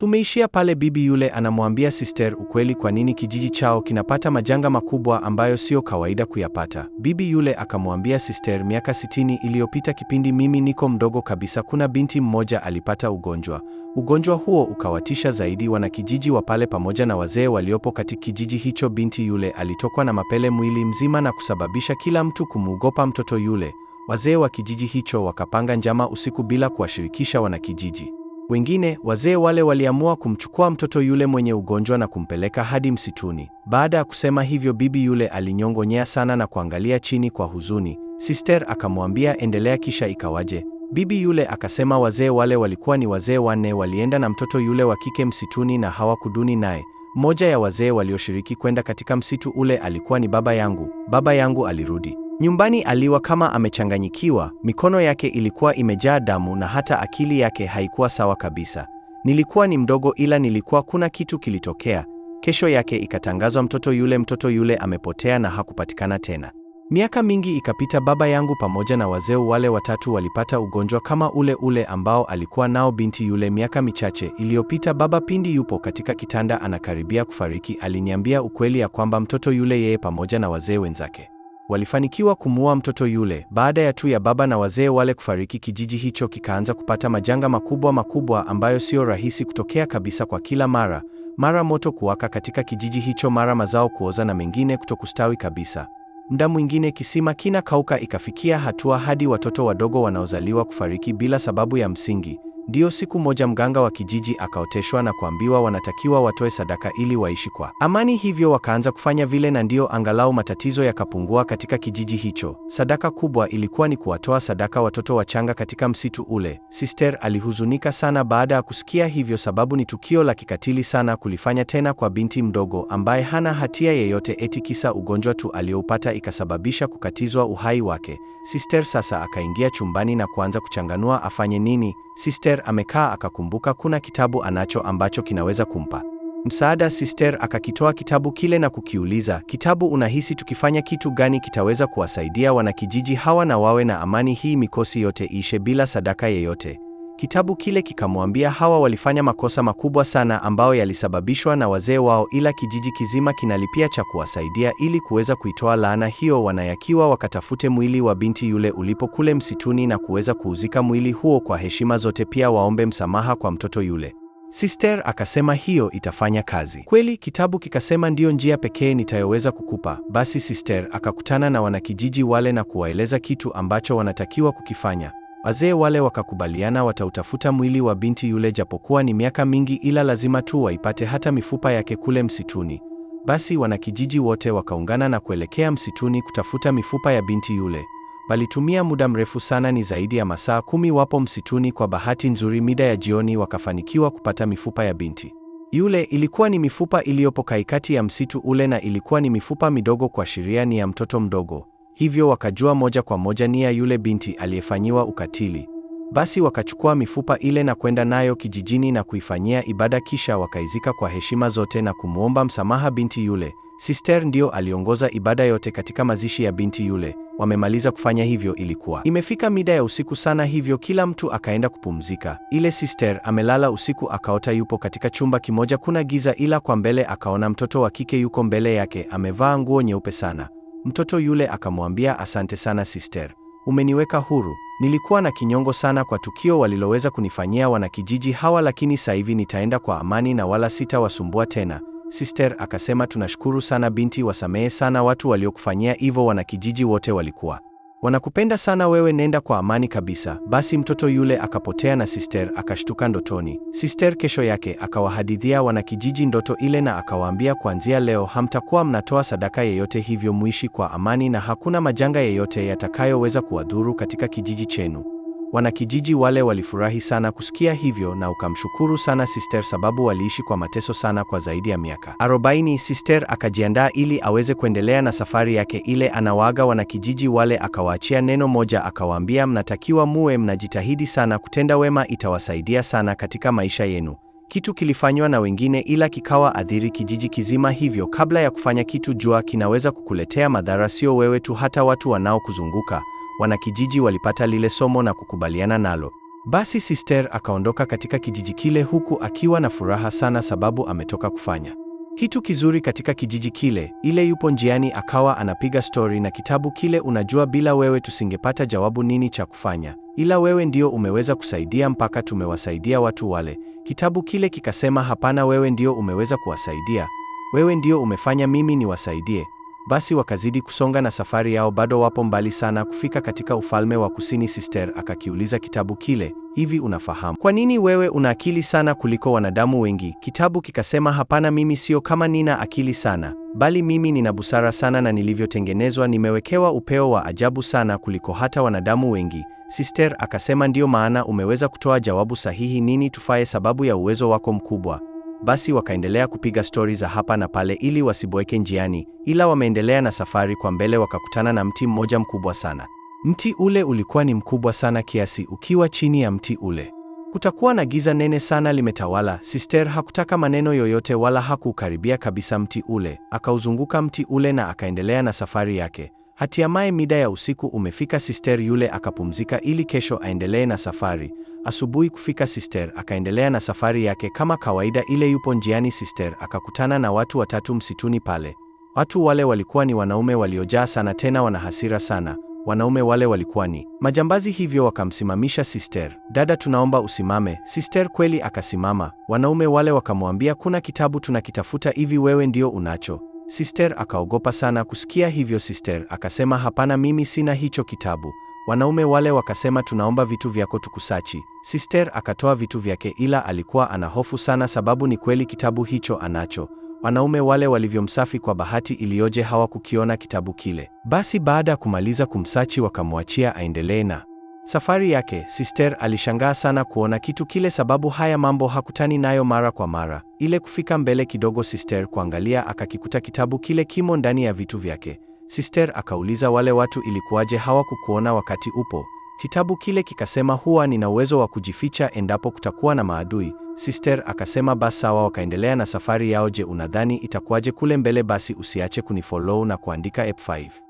Tumeishia pale bibi yule anamwambia sister ukweli kwa nini kijiji chao kinapata majanga makubwa ambayo sio kawaida kuyapata. Bibi yule akamwambia sister, miaka sitini iliyopita kipindi mimi niko mdogo kabisa, kuna binti mmoja alipata ugonjwa. Ugonjwa huo ukawatisha zaidi wanakijiji wa pale pamoja na wazee waliopo katika kijiji hicho. Binti yule alitokwa na mapele mwili mzima na kusababisha kila mtu kumuogopa mtoto yule. Wazee wa kijiji hicho wakapanga njama usiku bila kuwashirikisha wanakijiji. Wengine wazee wale waliamua kumchukua mtoto yule mwenye ugonjwa na kumpeleka hadi msituni. Baada ya kusema hivyo, bibi yule alinyong'onyea sana na kuangalia chini kwa huzuni. Sister akamwambia, endelea. Kisha ikawaje? Bibi yule akasema, wazee wale walikuwa ni wazee wanne, walienda na mtoto yule wa kike msituni na hawakuduni naye. Mmoja ya wazee walioshiriki kwenda katika msitu ule alikuwa ni baba yangu. Baba yangu alirudi Nyumbani aliwa kama amechanganyikiwa, mikono yake ilikuwa imejaa damu na hata akili yake haikuwa sawa kabisa. Nilikuwa ni mdogo ila nilikuwa kuna kitu kilitokea. Kesho yake ikatangazwa mtoto yule mtoto yule amepotea na hakupatikana tena. Miaka mingi ikapita, baba yangu pamoja na wazee wale watatu walipata ugonjwa kama ule ule ambao alikuwa nao binti yule. Miaka michache iliyopita, baba pindi yupo katika kitanda anakaribia kufariki, aliniambia ukweli ya kwamba mtoto yule yeye pamoja na wazee wenzake Walifanikiwa kumuua mtoto yule baada ya tu ya baba na wazee wale kufariki. Kijiji hicho kikaanza kupata majanga makubwa makubwa ambayo sio rahisi kutokea kabisa kwa kila mara, mara moto kuwaka katika kijiji hicho, mara mazao kuoza na mengine kutokustawi kabisa. Muda mwingine kisima kina kauka, ikafikia hatua hadi watoto wadogo wanaozaliwa kufariki bila sababu ya msingi, Ndiyo siku moja mganga wa kijiji akaoteshwa na kuambiwa wanatakiwa watoe sadaka ili waishi kwa amani, hivyo wakaanza kufanya vile, na ndiyo angalau matatizo yakapungua katika kijiji hicho. Sadaka kubwa ilikuwa ni kuwatoa sadaka watoto wachanga katika msitu ule. Sister alihuzunika sana baada ya kusikia hivyo, sababu ni tukio la kikatili sana kulifanya tena kwa binti mdogo ambaye hana hatia yeyote, eti kisa ugonjwa tu aliyoupata ikasababisha kukatizwa uhai wake. Sister sasa akaingia chumbani na kuanza kuchanganua afanye nini. Sister amekaa akakumbuka kuna kitabu anacho ambacho kinaweza kumpa msaada. Sister akakitoa kitabu kile na kukiuliza, kitabu, unahisi tukifanya kitu gani kitaweza kuwasaidia wanakijiji hawa na wawe na amani, hii mikosi yote ishe bila sadaka yeyote? Kitabu kile kikamwambia Hawa walifanya makosa makubwa sana ambayo yalisababishwa na wazee wao, ila kijiji kizima kinalipia cha kuwasaidia ili kuweza kuitoa laana hiyo. Wanayakiwa wakatafute mwili wa binti yule ulipo kule msituni na kuweza kuuzika mwili huo kwa heshima zote, pia waombe msamaha kwa mtoto yule. Sister akasema hiyo itafanya kazi kweli. Kitabu kikasema ndiyo njia pekee nitayoweza kukupa. Basi Sister akakutana na wanakijiji wale na kuwaeleza kitu ambacho wanatakiwa kukifanya. Wazee wale wakakubaliana watautafuta mwili wa binti yule, japokuwa ni miaka mingi, ila lazima tu waipate hata mifupa yake kule msituni. Basi wanakijiji wote wakaungana na kuelekea msituni kutafuta mifupa ya binti yule. Walitumia muda mrefu sana, ni zaidi ya masaa kumi wapo msituni. Kwa bahati nzuri, mida ya jioni wakafanikiwa kupata mifupa ya binti yule. Ilikuwa ni mifupa iliyopo kaikati ya msitu ule, na ilikuwa ni mifupa midogo, kwa ni ya mtoto mdogo hivyo wakajua moja kwa moja ni ya yule binti aliyefanyiwa ukatili. Basi wakachukua mifupa ile na kwenda nayo kijijini na kuifanyia ibada, kisha wakaizika kwa heshima zote na kumwomba msamaha binti yule. Sister ndio aliongoza ibada yote katika mazishi ya binti yule. Wamemaliza kufanya hivyo, ilikuwa imefika mida ya usiku sana, hivyo kila mtu akaenda kupumzika. Ile sister amelala usiku, akaota yupo katika chumba kimoja, kuna giza, ila kwa mbele akaona mtoto wa kike yuko mbele yake, amevaa nguo nyeupe sana. Mtoto yule akamwambia, asante sana sister, umeniweka huru. Nilikuwa na kinyongo sana kwa tukio waliloweza kunifanyia wanakijiji hawa, lakini sasa hivi nitaenda kwa amani na wala sitawasumbua tena. Sister akasema, tunashukuru sana binti, wasamehe sana watu waliokufanyia hivyo. Wanakijiji wote walikuwa Wanakupenda sana wewe, nenda kwa amani kabisa. Basi mtoto yule akapotea na Sister akashtuka ndotoni. Sister kesho yake akawahadithia wanakijiji ndoto ile na akawaambia, kuanzia leo hamtakuwa mnatoa sadaka yeyote, hivyo muishi kwa amani na hakuna majanga yeyote yatakayoweza kuwadhuru katika kijiji chenu. Wanakijiji wale walifurahi sana kusikia hivyo na ukamshukuru sana Sister sababu waliishi kwa mateso sana kwa zaidi ya miaka arobaini. Sister akajiandaa ili aweze kuendelea na safari yake ile. Anawaaga wanakijiji wale akawaachia neno moja, akawaambia mnatakiwa muwe mnajitahidi sana kutenda wema, itawasaidia sana katika maisha yenu. Kitu kilifanywa na wengine ila kikawa adhiri kijiji kizima. Hivyo kabla ya kufanya kitu, jua kinaweza kukuletea madhara, sio wewe tu, hata watu wanaokuzunguka wanakijiji walipata lile somo na kukubaliana nalo. Basi Sister akaondoka katika kijiji kile huku akiwa na furaha sana sababu ametoka kufanya kitu kizuri katika kijiji kile. Ile yupo njiani akawa anapiga stori na kitabu kile. Unajua, bila wewe tusingepata jawabu nini cha kufanya, ila wewe ndio umeweza kusaidia mpaka tumewasaidia watu wale. Kitabu kile kikasema, hapana, wewe ndio umeweza kuwasaidia, wewe ndio umefanya mimi niwasaidie. Basi wakazidi kusonga na safari yao, bado wapo mbali sana kufika katika ufalme wa kusini. Sister akakiuliza kitabu kile, hivi unafahamu kwa nini wewe una akili sana kuliko wanadamu wengi? Kitabu kikasema, hapana, mimi sio kama nina akili sana, bali mimi nina busara sana, na nilivyotengenezwa nimewekewa upeo wa ajabu sana kuliko hata wanadamu wengi. Sister akasema, ndiyo maana umeweza kutoa jawabu sahihi. Nini tufaye sababu ya uwezo wako mkubwa? basi wakaendelea kupiga stori za hapa na pale ili wasiboeke njiani, ila wameendelea na safari kwa mbele, wakakutana na mti mmoja mkubwa sana. Mti ule ulikuwa ni mkubwa sana kiasi, ukiwa chini ya mti ule kutakuwa na giza nene sana limetawala. Sister hakutaka maneno yoyote wala hakuukaribia kabisa mti ule, akauzunguka mti ule na akaendelea na safari yake. Hatimaye mida ya usiku umefika, Sister yule akapumzika ili kesho aendelee na safari. Asubuhi kufika, Sister akaendelea na safari yake kama kawaida ile. Yupo njiani, Sister akakutana na watu watatu msituni pale. Watu wale walikuwa ni wanaume waliojaa sana tena wana hasira sana. Wanaume wale walikuwa ni majambazi, hivyo wakamsimamisha Sister. Dada, tunaomba usimame. Sister kweli akasimama. Wanaume wale wakamwambia, kuna kitabu tunakitafuta, hivi wewe ndio unacho? Sister akaogopa sana kusikia hivyo. Sister akasema, hapana, mimi sina hicho kitabu. Wanaume wale wakasema, tunaomba vitu vyako tukusachi. Sister akatoa vitu vyake, ila alikuwa ana hofu sana, sababu ni kweli kitabu hicho anacho. Wanaume wale walivyomsafi kwa bahati iliyoje, hawakukiona kitabu kile. Basi baada ya kumaliza kumsachi, wakamwachia aendelee na safari yake. Sister alishangaa sana kuona kitu kile, sababu haya mambo hakutani nayo mara kwa mara. Ile kufika mbele kidogo, Sister kuangalia, akakikuta kitabu kile kimo ndani ya vitu vyake. Sister akauliza wale watu ilikuwaje hawakukuona wakati upo? Kitabu kile kikasema huwa nina uwezo wa kujificha endapo kutakuwa na maadui. Sister akasema basi sawa, wakaendelea na safari yao. Je, unadhani itakuwaje kule mbele? Basi usiache kunifollow na kuandika F5.